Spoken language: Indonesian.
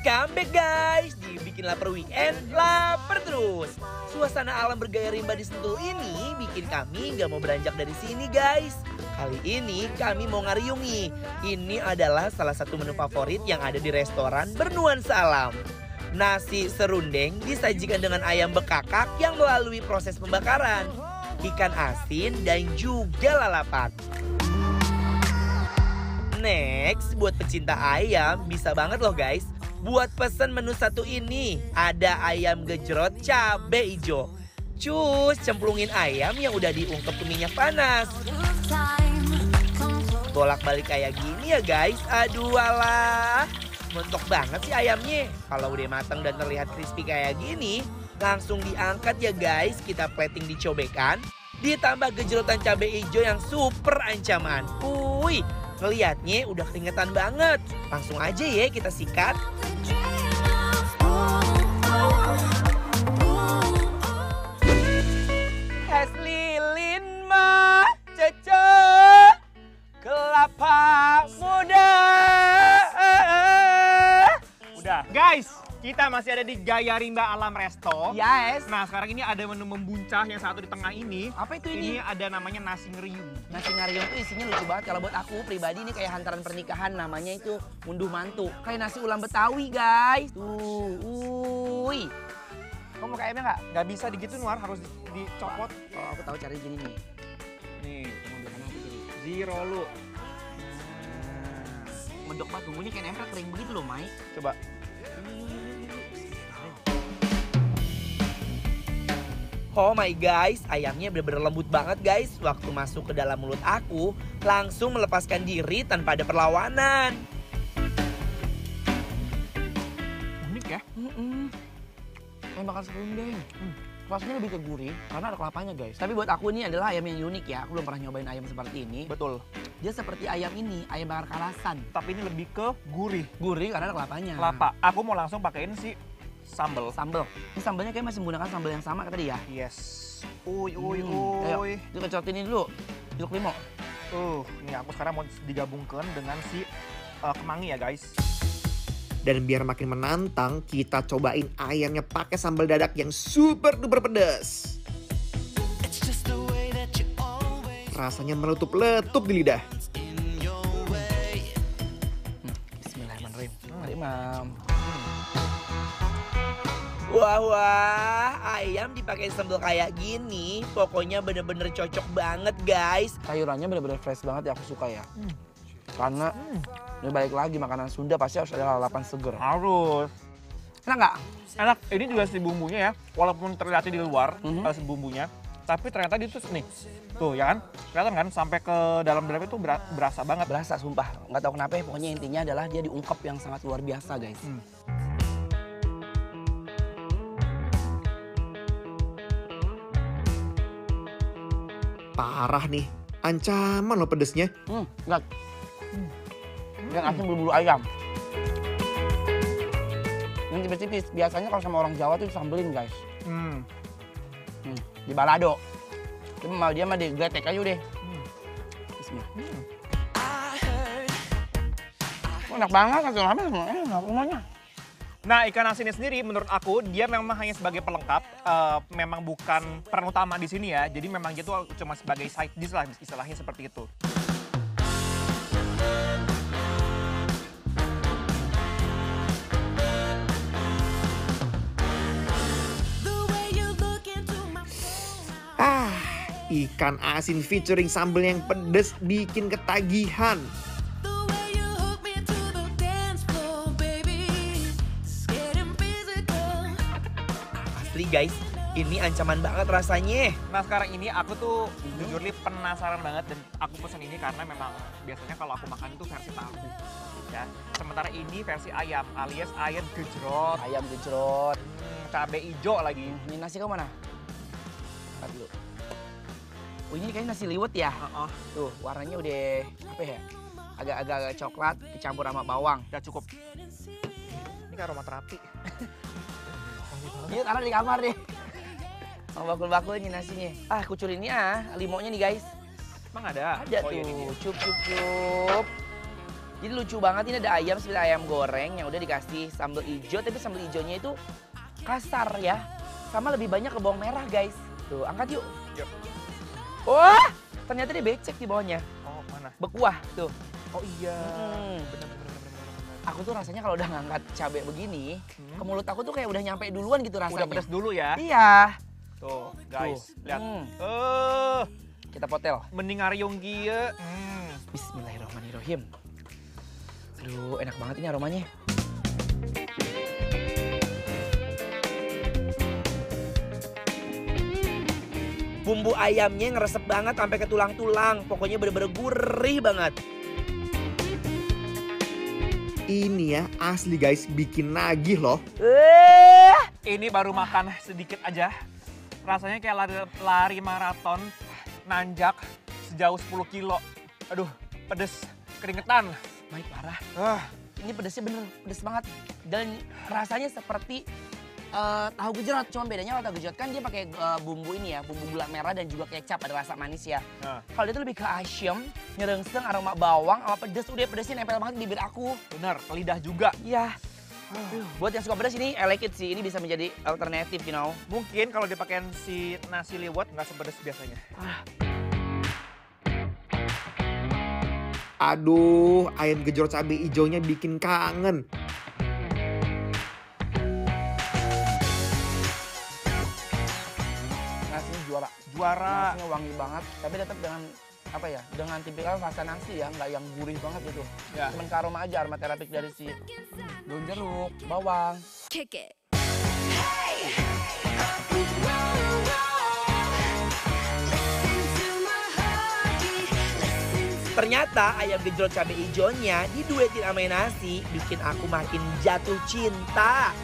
comeback guys Dibikin lapar weekend, lapar terus Suasana alam bergaya rimba di Sentul ini bikin kami nggak mau beranjak dari sini guys Kali ini kami mau ngariungi Ini adalah salah satu menu favorit yang ada di restoran bernuansa alam Nasi serundeng disajikan dengan ayam bekakak yang melalui proses pembakaran Ikan asin dan juga lalapan Next, buat pecinta ayam bisa banget loh guys Buat pesan menu satu ini, ada ayam gejrot cabe hijau. Cus, cemplungin ayam yang udah diungkep ke minyak panas. Bolak-balik kayak gini ya guys. Aduh alah. Mentok banget sih ayamnya. Kalau udah matang dan terlihat crispy kayak gini, langsung diangkat ya guys. Kita plating dicobekan. Ditambah gejrotan cabe hijau yang super ancaman. Wih, Ngeliatnya udah keringetan banget. Langsung aja ya kita sikat. masih ada di Gaya Rimba Alam Resto. Yes. Nah, sekarang ini ada menu membuncah yang satu di tengah ini. Apa itu ini? Ini ada namanya nasi ngerium. Nasi ngerium itu isinya lucu banget. Kalau buat aku pribadi ini kayak hantaran pernikahan namanya itu munduh mantu. Kayak nasi ulam Betawi, guys. Tuh, uy. Kamu mau kayaknya nggak? Nggak bisa digitu, Nuar. Harus dicopot. Oh, aku tahu cari gini nih. Nih, cuma bilang apa gini. Zero lu. Nah. Medok banget, bumbunya kayak nempel kering begitu loh, Mai. Coba. Oh my guys, ayamnya bener-bener lembut banget guys. Waktu masuk ke dalam mulut aku, langsung melepaskan diri tanpa ada perlawanan. Unik ya? Mm -mm. Kayak makan serundeng. Hmm. Rasanya lebih ke gurih karena ada kelapanya guys. Tapi buat aku ini adalah ayam yang unik ya. Aku belum pernah nyobain ayam seperti ini. Betul. Dia seperti ayam ini, ayam bakar kalasan. Tapi ini lebih ke gurih. Gurih karena ada kelapanya. Kelapa. Aku mau langsung pakein si sambel sambel Ini sambelnya kayak masih menggunakan sambel yang sama kayak tadi ya? Yes. Uy, uy, hmm. uy. Ayo, dikecotin ini dulu. Jeruk limau. Uh, ini aku sekarang mau digabungkan dengan si uh, kemangi ya guys. Dan biar makin menantang, kita cobain ayamnya pakai sambal dadak yang super duper pedas. Rasanya menutup letup di lidah. Hmm. Bismillahirrahmanirrahim. Hmm. Mari, Mam. Wah wah, ayam dipakai sambal kayak gini, pokoknya bener-bener cocok banget guys. Sayurannya bener-bener fresh banget ya, aku suka ya. Hmm. Karena hmm. balik lagi makanan Sunda pasti harus ada lalapan seger. Harus. Enak nggak? Enak. Ini juga si bumbunya ya, walaupun terlihat di luar mm -hmm. si bumbunya, tapi ternyata di tuh nih, tuh ya kan, kelihatan kan sampai ke dalam-dalam itu berasa banget. Berasa, sumpah. Nggak tahu kenapa, ya, pokoknya intinya adalah dia diungkap yang sangat luar biasa guys. Hmm. Parah nih, ancaman loh pedesnya. Hmm, enggak. Hmm. Yang asin bulu-bulu ayam. Ini tipis-tipis. Biasanya kalau sama orang Jawa tuh disambelin guys. Hmm. hmm. Di balado. Tapi mau dia mah di gletek aja udah. Hmm. Bismillah. Hmm. Oh, enak banget, kan? Enak, enak, enak, enak, Nah, ikan asinnya sendiri menurut aku dia memang hanya sebagai pelengkap, uh, memang bukan peran utama di sini ya. Jadi memang dia tuh cuma sebagai side dish lah istilahnya seperti itu. Ah, ikan asin featuring sambal yang pedes bikin ketagihan. asli guys ini ancaman banget rasanya. Nah sekarang ini aku tuh hmm. jujur li penasaran banget dan aku pesen ini karena memang biasanya kalau aku makan itu versi tahu ya. Sementara ini versi ayam alias ayam gejrot. Ayam gejrot. Hmm, cabe hijau lagi. Ini nasi kau mana? Lihat dulu. Oh ini kayaknya nasi liwet ya. Uh -uh. Tuh warnanya udah apa ya? Agak-agak coklat dicampur sama bawang. Udah cukup. Ini kayak aroma terapi. Iya taruh di kamar deh. Mau bakul bakul ini nasinya. Ah kucur ini ah, limonya nih guys. Emang ada? Ada oh, iya, tuh, cup cup cup. Jadi lucu banget ini ada ayam seperti ayam goreng yang udah dikasih sambal hijau, tapi sambal hijaunya itu kasar ya. Sama lebih banyak ke bawang merah guys. Tuh, angkat yuk. Yep. Wah, ternyata dia becek di bawahnya. Oh, mana? Bekuah tuh. Oh iya. Hmm. bener, bener aku tuh rasanya kalau udah ngangkat cabai begini, hmm. ke mulut aku tuh kayak udah nyampe duluan gitu rasanya. Udah pedas dulu ya? Iya. Tuh, guys, tuh. lihat. Hmm. Uh, kita potel. Mending aryong gie. Hmm. Bismillahirrahmanirrahim. Aduh, enak banget ini aromanya. Bumbu ayamnya ngeresep banget sampai ke tulang-tulang. Pokoknya bener-bener gurih banget. Ini ya asli guys bikin nagih loh. Uh, ini baru makan sedikit aja. Rasanya kayak lari, lari maraton nanjak sejauh 10 kilo. Aduh, pedes keringetan. Baik parah. Ah. Uh. Ini pedesnya bener pedes banget dan rasanya seperti uh, tahu gejrot, cuma bedanya kalau tahu gejrot kan dia pakai uh, bumbu ini ya, bumbu gula merah dan juga kecap ada rasa manis ya. Nah. Kalau dia tuh lebih ke asyam, nyerengseng, aroma bawang, sama pedes, udah pedesnya nempel banget di bibir aku. Bener, lidah juga. Iya. Uh. Buat yang suka pedas ini, I like it sih. Ini bisa menjadi alternatif, you know. Mungkin kalau dipakai si nasi liwet nggak sepedas biasanya. Ah. Aduh, ayam gejrot cabai hijaunya bikin kangen. ini juara. Juara. Nasinya wangi banget, tapi tetap dengan apa ya dengan tipikal rasa nasi ya nggak yang gurih banget gitu ya. cuman karoma aja terapi dari si daun jeruk bawang Kick it. Hey, Ternyata ayam gejrot cabe hijaunya diduetin sama nasi bikin aku makin jatuh cinta.